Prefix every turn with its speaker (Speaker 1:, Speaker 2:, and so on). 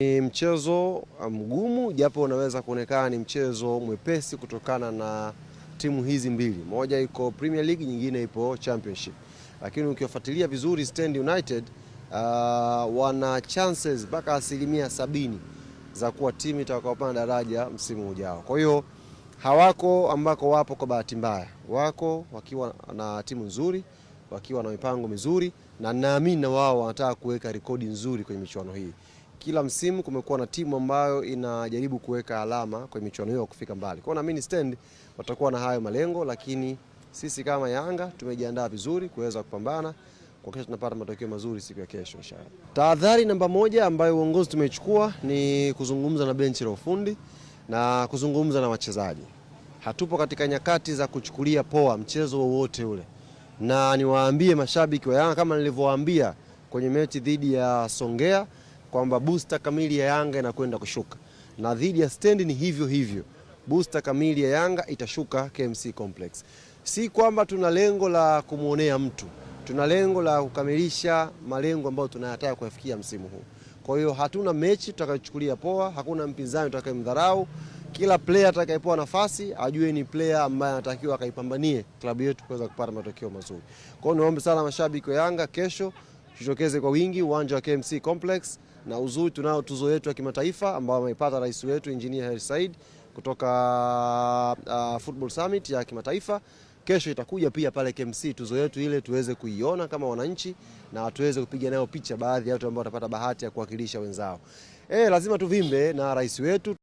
Speaker 1: Ni mchezo ah, mgumu japo unaweza kuonekana ni mchezo mwepesi kutokana na timu hizi mbili, moja iko Premier League, nyingine ipo Championship, lakini ukiwafuatilia vizuri Stand United uh, wana chances mpaka asilimia sabini za kuwa timu itakayopanda daraja msimu ujao. Kwa hiyo hawako ambako wapo kwa bahati mbaya, wako wakiwa na timu nzuri, wakiwa na mipango mizuri, na naamini na wao wanataka kuweka rekodi nzuri kwenye michuano hii kila msimu kumekuwa na timu ambayo inajaribu kuweka alama kwenye michuano hiyo kufika mbali. Kwa hiyo naamini Stand watakuwa na hayo malengo, lakini sisi kama Yanga tumejiandaa vizuri kuweza kupambana kwa kesho, tunapata matokeo mazuri siku ya kesho inshallah. Tahadhari namba moja ambayo uongozi tumeichukua ni kuzungumza na benchi la ufundi na kuzungumza na wachezaji. Hatupo katika nyakati za kuchukulia poa mchezo wowote ule, na niwaambie mashabiki wa Yanga kama nilivyowaambia kwenye mechi dhidi ya Songea kwamba busta kamili ya Yanga inakwenda kushuka, na dhidi ya stendi ni hivyo hivyo, busta kamili ya Yanga itashuka KMC Complex. Si kwamba tuna lengo la kumwonea mtu, tuna lengo la kukamilisha malengo ambayo tunayataka kuyafikia msimu huu. Kwa hiyo hatuna mechi tutakayochukulia poa, hakuna mpinzani tutakayemdharau. Kila player atakayepewa nafasi ajue ni player ambaye anatakiwa akaipambanie klabu yetu kuweza kupata matokeo mazuri. Kwa hiyo niombe sana mashabiki wa Yanga kesho tujitokeze kwa wingi uwanja wa KMC Complex, na uzuri tunao tuzo yetu ya kimataifa ambayo ameipata rais wetu Engineer Hersi Said kutoka uh, Football Summit ya kimataifa. Kesho itakuja pia pale KMC tuzo yetu ile tuweze kuiona kama wananchi na tuweze kupiga nayo picha, baadhi ya watu ambao watapata bahati ya kuwakilisha wenzao. Eh, lazima tuvimbe na rais wetu.